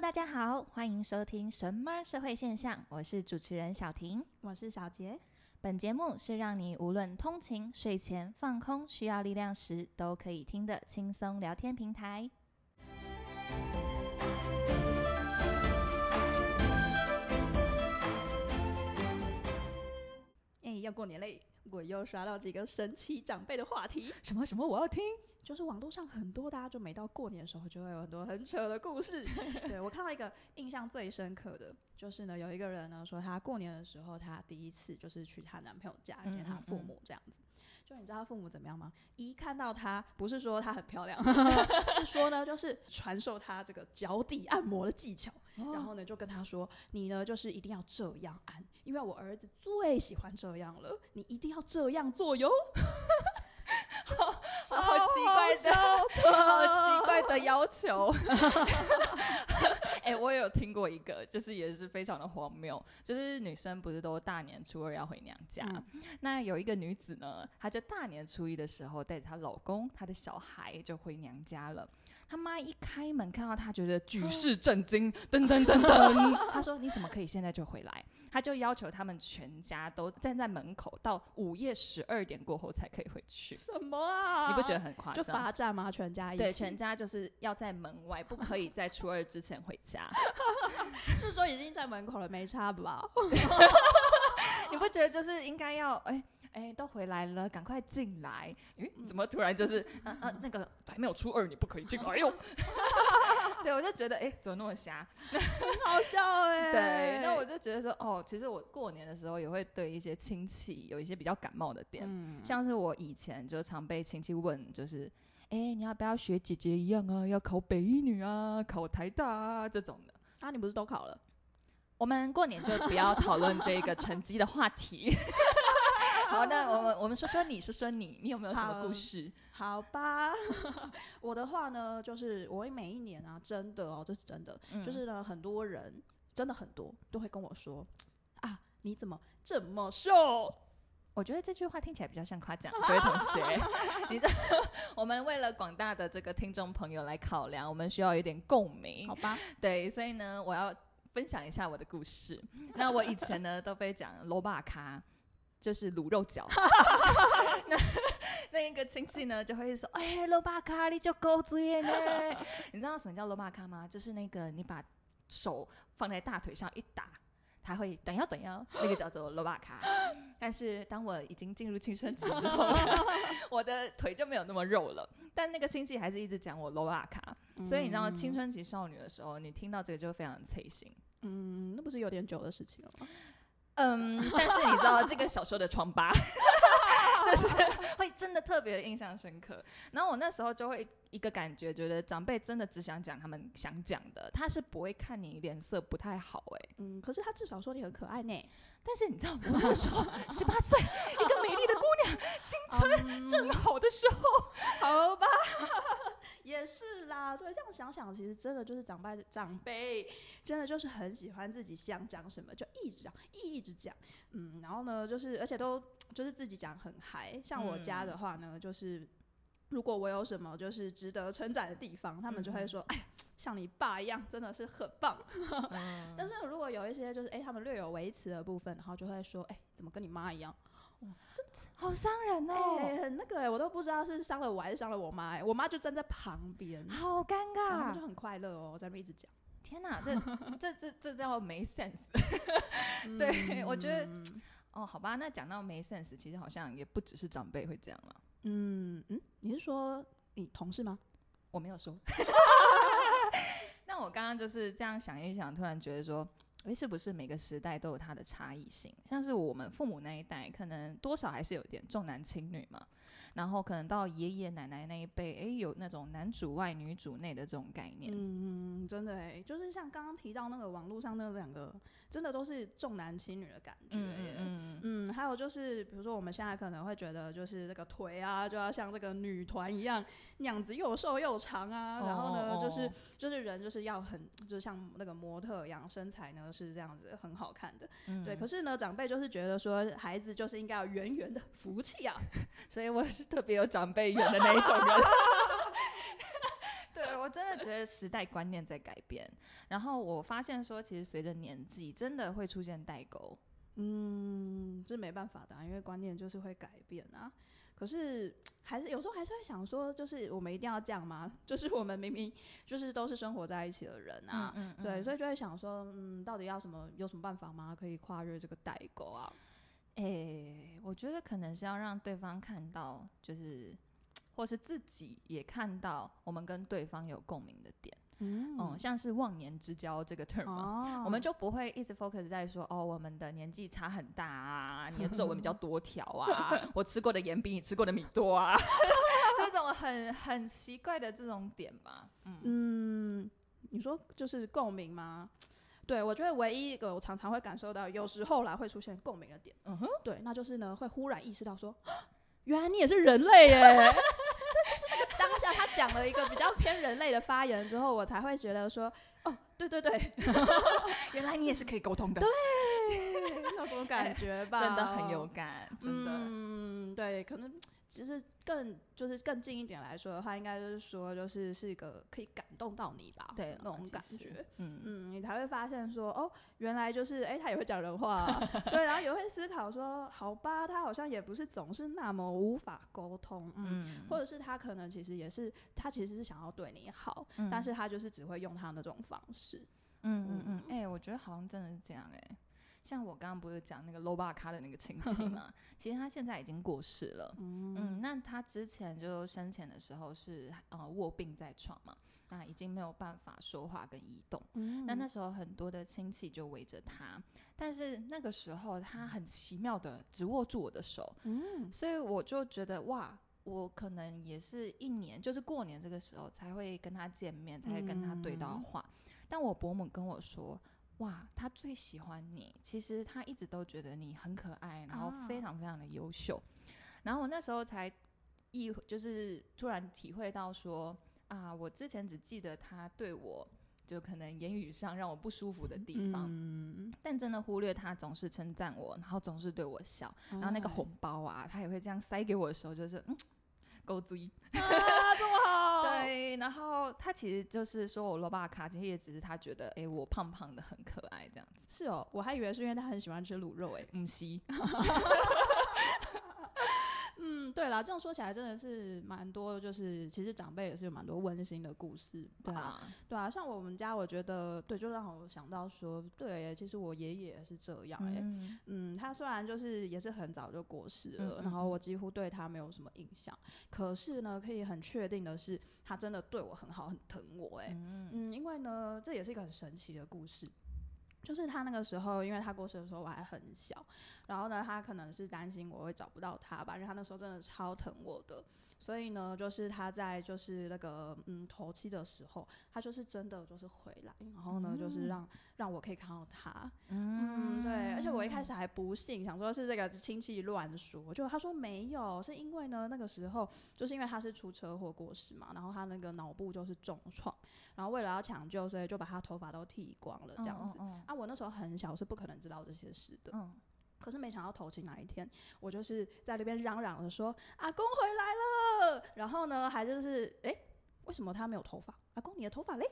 大家好，歡迎收聽《什麼社會現象》，我是主持人小婷，我是小杰。本節目是讓你無論通勤、睡前、放空、需要力量時，都可以聽的輕鬆聊天平台。哎，要過年嘞！我又刷到幾個神奇長輩的話題，什麼什麼，我要聽。就是網絡上很多，大家就每到過年的時候就會有很多很扯的故事。對，我看到一個印象最深刻的， 就是呢，有一個人呢說他過年的時候，他第一次就是去他男朋友家見他父母這樣子。嗯嗯，就你知道他父母怎麼樣嗎？一看到他，不是說她很漂亮， 是說呢就是傳授他這個腳底按摩的技巧，哦，然後呢就跟他說，你呢就是一定要這樣按，因為我兒子最喜歡這樣了，你一定要這樣做喲。好，好，好奇怪的，好奇怪的要求。哎、 欸，我有聽過一個，就是也是非常的荒謬，就是女生不是都大年初二要回娘家？嗯、那有一個女子呢，她就大年初一的時候帶着她老公、她的小孩就回娘家了。她媽一開門看到她，覺得舉世震驚，噔噔噔噔，她說：“你怎麼可以現在就回來？”他就要求他們全家都站在門口，到午夜十二點過後才可以回去。什麼啊？你不覺得很誇張？就罰站嗎？全家一起？對，全家就是要在門外，不可以在初二之前回家。 就是說已經在門口了，沒差吧？ 你不覺得就是應該要？哎、欸、哎、欸，都回來了，趕快進來、欸！怎麼突然就是？呃，呃，那個還沒有初二，你不可以進來？哎呦！ 對，我就覺得哎、欸，怎麼那麼瞎？很好笑。 對，那我就覺得說，哦，其實我過年的時候也會對一些親戚有一些比較感冒的點，嗯、像是我以前就常被親戚問，就是，哎，你要不要學姐姐一樣啊，要考北一女啊，考台大啊這種的。啊，你不是都考了？我們過年就不要討論這個成績的話題。 好，那我們我們說說你是說，說你，你有沒有什麼故事？好，好吧， 我的話呢，就是我每一年啊，真的哦，這、就是真的，嗯、就是呢很多人。真的很多都會跟我說啊，你怎麼這麼瘦？我覺得這句話聽起來比較像誇獎。這 位同學， 你知道我們為了廣大的這個聽眾朋友來考量，我們需要一點共鳴，好吧？對，所以呢，我要分享一下我的故事。 那我以前呢都被講羅巴卡，就是滷肉腳。 那那一個親戚呢就會說，哎，羅巴卡你就夠嘴呢？ 你知道什麼叫羅巴卡嗎？就是那個你把。手放在大腿上一打，他會等一下等一下，那個叫做滷肉腳。 但是當我已經進入青春期之後，我的腿就沒有那麼肉了。但那個親戚還是一直講我滷肉腳，嗯、所以你知道青春期少女的時候，你聽到這個就非常催心。嗯，那不是有點久的事情了嗎？嗯，但是你知道 這個小時候的瘡疤。 會真的特別印象深刻，然後我那時候就會一個感覺，覺得長輩真的只想講他們想講的，他是不會看你臉色不太好哎、欸嗯，可是他至少說你很可愛呢、欸。但是你知道嗎，那個時候十八歲，一個美麗的姑娘，青春 正好的時候，um, 好吧。 也是啦，對，這樣想想，其實真的就是長輩長輩，真的就是很喜歡自己想講什麼就一直講，一一直講，嗯，然後呢，就是而且都就是自己講很嗨。像我家的話呢，嗯、就是如果我有什麼就是值得稱讚的地方，他們就會說，嗯、哎，像你爸一樣，真的是很棒。 嗯、但是如果有一些就是哎，他們略有微詞的部分，然後就會說，哎，怎麼跟你媽一樣？哇好傷人哦！很、欸欸欸、那個、欸，我都不知道是傷了我還是傷了我媽。哎，我媽就站在旁邊，好尷尬。然後他們就很快樂哦，在那邊一直講。天哪，這 這這這叫沒 sense。 嗯、對，我覺得，哦，好吧，那講到沒 sense，其實好像也不只是長輩會這樣了、啊。嗯嗯，你是說你同事嗎？我沒有說。 那我剛剛就是這樣想一想，突然覺得說。誒，是不是每個時代都有它的差異性？像是我們父母那一代，可能多少還是有點重男輕女嘛。然後可能到爺爺奶奶那一輩，哎，有那種男主外女主內的這種概念。嗯嗯，真的哎，就是像剛剛提到那個網絡上那兩個，真的都是重男輕女的感覺。嗯嗯，還有就是，比如說我們現在可能會覺得，就是這個腿啊，就要像這個女團一樣，樣子又瘦又長啊。哦、然後呢，就是、哦、就是人就是要很，就是像那個模特一樣，身材呢是這樣子，很好看的。嗯、對，可是呢，長輩就是覺得說，孩子就是應該要圓圓的福氣啊， 所以我是。特別有長輩緣的那一種人 對，對我真的覺得時代觀念在改變。然後我發現說，其實隨着年紀，真的會出現代溝。嗯，這沒辦法的、啊，因為觀念就是會改變啊。可是還是有時候還是會想說，就是我們一定要這樣嗎？就是我們明明就是都是生活在一起的人啊。嗯嗯嗯、對，所以就會想說，嗯，到底要什麼？有什麼辦法嗎？可以跨越這個代溝啊？誒、欸，我覺得可能是要讓對方看到，就是或是自己也看到，我們跟對方有共鳴的點。嗯，嗯，像是忘年之交這個 term，、哦、我們就不會一直 focus 在說哦，我們的年紀差很大啊，你的皺紋比較多條啊， 我吃過的鹽比你吃過的米多啊，這 種很很奇怪的這種點嘛。嗯，嗯，你說就是共鳴嗎？對，我覺得唯一一個我常常會感受到，有時候啦會出現共鳴的點，嗯哼，對，那就是呢，會忽然意識到說，原來你也是人類耶、欸， 對，就是那個當下他講了一個比較偏人類的發言之後，我才會覺得說，哦，對對對， 原來你也是可以溝通的，對，那種感覺吧、欸，真的很有感，真的，嗯、對，可能。其實更就是更近一點來說的話，應該就是說，就是是一個可以感動到你吧，對的那種感覺，嗯嗯，你才會發現說，哦，原來就是，哎，他也會講人話啊， 對，然後也會思考說，好吧，他好像也不是總是那麼無法溝通，嗯，嗯或者是他可能其實也是，他其實是想要對你好，嗯，但是他就是只會用他那種方式，嗯嗯嗯，哎，嗯，欸，我覺得好像真的是這樣欸，哎。像我剛剛不是講那個滷肉腳的那個親戚嘛？ 其實他現在已經過世了。嗯,嗯，那他之前就生前的時候是呃臥病在床嘛，那已經沒有辦法說話跟移動。嗯、那那時候很多的親戚就圍着他，但是那個時候他很奇妙的只握住我的手。嗯、所以我就覺得哇，我可能也是一年就是過年這個時候才會跟他見面，才會跟他對到話。嗯、但我伯母跟我說。哇，他最喜歡你。其實他一直都覺得你很可愛，然後非常非常的優秀。Oh. 然後我那時候才意，就是突然體會到說啊，我之前只記得他對我，就可能言語上讓我不舒服的地方，mm hmm. 但真的忽略他總是稱讚我，然後總是對我笑，oh. 然後那個紅包啊，他也會這樣塞給我的時候，就是嗯，夠醉。Ah. 然後他其實就是說我滷肉腳，其實也只是他覺得，哎，我胖胖的很可愛這樣子。是哦，我還以為是因為他很喜歡吃滷肉，哎是，嗯西。對啦，這樣說起來真的是蠻多，就是其實長輩也是有蠻多溫馨的故事吧，對啊，對啊，像我們家，我覺得對，就讓我想到說，對耶，其實我爺爺也是這樣耶，嗯，嗯，他雖然就是也是很早就過世了，嗯嗯嗯，然後我幾乎對他沒有什麼印象，可是呢，可以很確定的是，他真的對我很好，很疼我耶，哎，嗯，嗯，因為呢，這也是一個很神奇的故事。就是他那個時候，因為他過世的時候我還很小，然後呢，他可能是擔心我會找不到他吧，因為他那時候真的超疼我的。所以呢，就是他在就是那個嗯頭七的時候，他就是真的就是回來，然後呢、嗯、就是讓讓我可以看到他，嗯，嗯對，而且我一開始還不信，想說是這個親戚亂說，就他說沒有，是因為呢那個時候就是因為他是出車禍過世嘛，然後他那個腦部就是重創，然後為了要搶救，所以就把他頭髮都剃光了這樣子。嗯嗯、啊，我那時候很小，是不可能知道這些事的。嗯可是沒想到頭七那一天，我就是在那邊嚷嚷着說：“阿公回來了！”然後呢，還就是，哎，為什麼他沒有頭髮？阿公，你的頭髮嘞？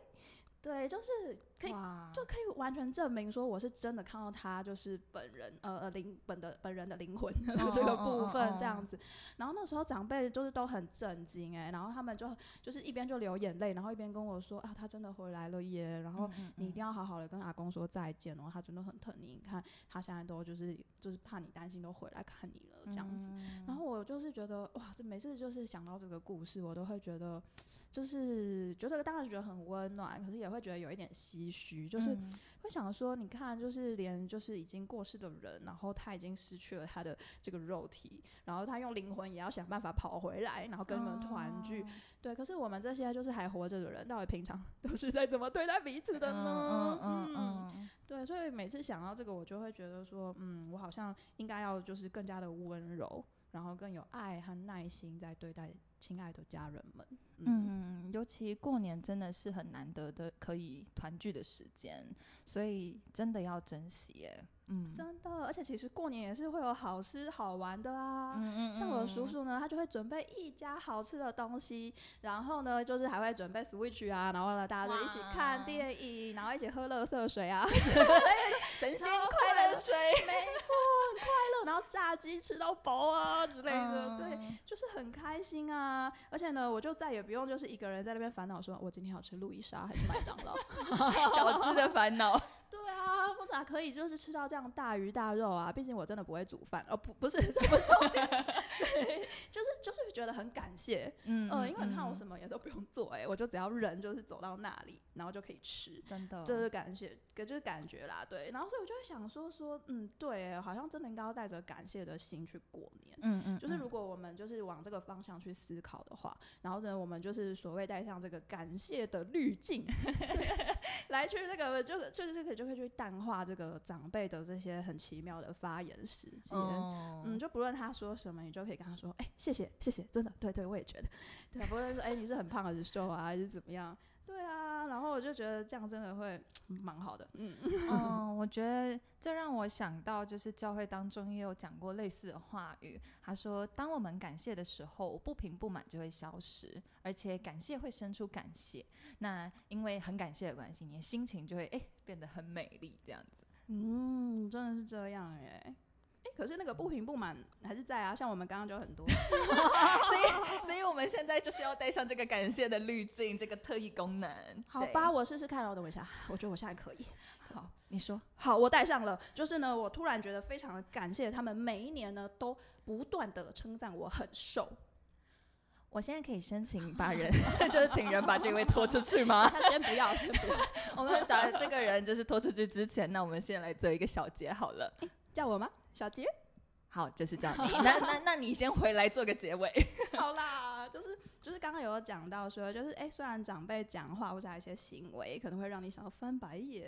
對，就是可以，哇就可以完全證明說我是真的看到他就是本人，呃呃靈本的本人的靈魂的這個部分這樣子。哦哦哦哦哦然後那時候長輩就是都很震驚哎、欸，然後他們就就是一邊就流眼淚，然後一邊跟我說啊，他真的回來了耶！然後你一定要好好的跟阿公說再見哦，他真的很疼你，你看他現在都就是就是怕你擔心，都回來看你了這樣子。然後我就是覺得哇，這每次就是想到這個故事，我都會覺得就是覺得當然覺得很溫暖，可是也會。會覺得有一點唏噓，就是會想說，你看，就是連就是已經過世的人，然後他已經失去了他的這個肉體，然後他用靈魂也要想辦法跑回來，然後跟你們團聚。Oh. 對，可是我們這些就是還活着的人，到底平常都是在怎麼對待彼此的呢？嗯嗯嗯。對，所以每次想到這個，我就會覺得說，嗯，我好像應該要就是更加的溫柔，然後更有愛和耐心在對待。親愛的家人們，嗯，嗯，尤其過年真的是很難得的可以團聚的時間，所以真的要珍惜耶。嗯，真的，而且其實過年也是會有好吃好玩的啦，啊。嗯嗯嗯，像我的叔叔呢，他就會準備一家好吃的東西，然後呢，就是還會準備 switch 啊，然後呢，大家就一起看電影，哇然後一起喝垃圾水啊， 神仙快樂水。沒錯。 快樂，然後炸雞吃到飽啊之類的，嗯、對，就是很開心啊。而且呢，我就再也不用就是一個人在那邊煩惱，說我今天要吃路易莎還是麥當勞， 小資的煩惱。對啊。真、啊、可以，就是吃到這樣大魚大肉啊！畢竟我真的不會煮飯，哦不，不是這不是重點 對，就是就是覺得很感謝，嗯、呃、嗯，因為你看我什麼也都不用做、欸，哎，我就只要人就是走到那裡，然後就可以吃，真的、哦、就是感謝，個就是感覺啦，對。然後所以我就會想說說，嗯，對、欸，好像真的應該要帶着感謝的心去過年、嗯，嗯嗯，就是如果我們就是往這個方向去思考的話，然後呢，我們就是所謂帶上這個感謝的濾鏡。 來去那個就就是這個就可以去淡化這個長輩的這些很奇妙的發言時間，oh. 嗯，就不論他說什麼，你就可以跟他說，哎、欸，謝謝，謝謝，真的，對對，我也覺得，對，不論說，哎、欸，你是很胖還是瘦啊， 還是怎麼樣。對啊，然後我就覺得這樣真的會蠻好的。嗯， 嗯，我覺得這讓我想到，就是教會當中也有講過類似的話語。他說，當我們感謝的時候，不平不滿就會消失，而且感謝會生出感謝。那因為很感謝的關係，你心情就會、欸、變得很美麗，這樣子。嗯，真的是這樣哎。可是那個不平不滿還是在啊，像我們剛剛就很多， 所以所以我們現在就是要戴上這個感謝的濾鏡，這個特異功能，好吧，我試試看，哦。等我一下，我覺得我現在可以。好，你說。好，我戴上了，就是呢，我突然覺得非常的感謝他們，每一年呢都不斷的稱讚我很瘦。我現在可以申請把人， 就是請人把這位拖出去嗎？他先不要，先不要 我們找這個人就是拖出去之前，那我們先來做一個小結好了、欸，叫我嗎？小傑，好，就是這樣。那那那你先回來做個結尾。 好啦，就是就是剛剛有講到說，就是哎、欸，雖然長輩講話或者一些行為可能會讓你想要翻白眼，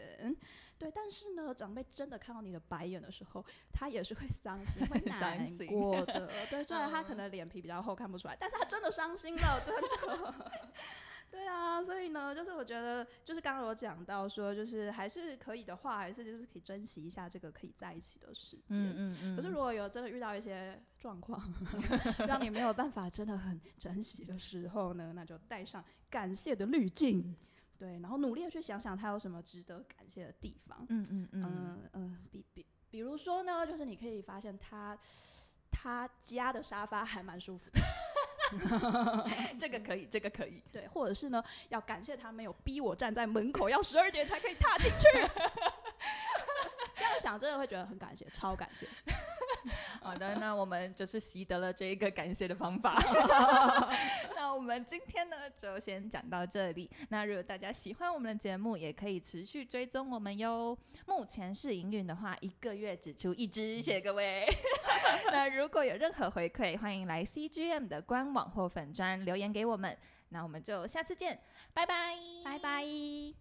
對，但是呢，長輩真的看到你的白眼的時候，他也是會傷心、會難過的。的，對，雖然他可能臉皮比較厚，看不出來， 但是他真的傷心了，真的。 對啊，所以呢，就是我覺得，就是剛剛我講到說，就是還是可以的話，還是就是可以珍惜一下這個可以在一起的時間。嗯，嗯，嗯，可是如果有真的遇到一些狀況，讓 你沒有辦法真的很珍惜的時候呢，那就帶上感謝的濾鏡。嗯、對，然後努力的去想想他有什麼值得感謝的地方。嗯嗯嗯嗯嗯。嗯，呃呃、比比，比如說呢，就是你可以發現他他家的沙發還蠻舒服的。 這個可以，這個可以。對，或者是呢，要感謝他沒有逼我站在門口，要十二點才可以踏進去。 這樣想真的會覺得很感謝，超感謝。好的， 啊，那我們就是習得了這一個感謝的方法。 我們今天呢，就先講到這裡。那如果大家喜歡我們的節目，也可以持續追蹤我們喲。目前試營運的話，一個月只出一支，謝謝各位。 那如果有任何回饋，歡迎來 CGM 的官網或粉專留言給我們。那我們就下次見，拜拜 bye，拜拜 bye。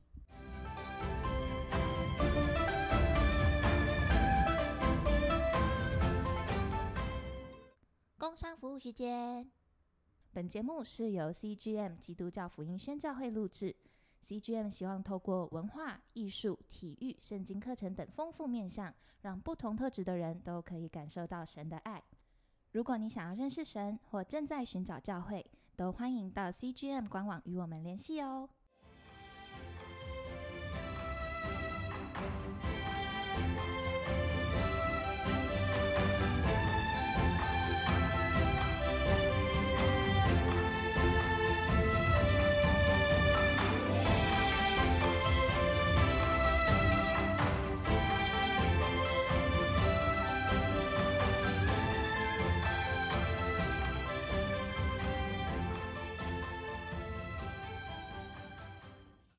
工商服務時間。本節目是由 CGM 基督教福音宣教會錄製。CGM 希望透過文化、藝術、體育、聖經課程等豐富面向，讓不同特質的人都可以感受到神的愛。如果你想要認識神或正在尋找教會，都歡迎到 CGM 官網與我們聯繫哦。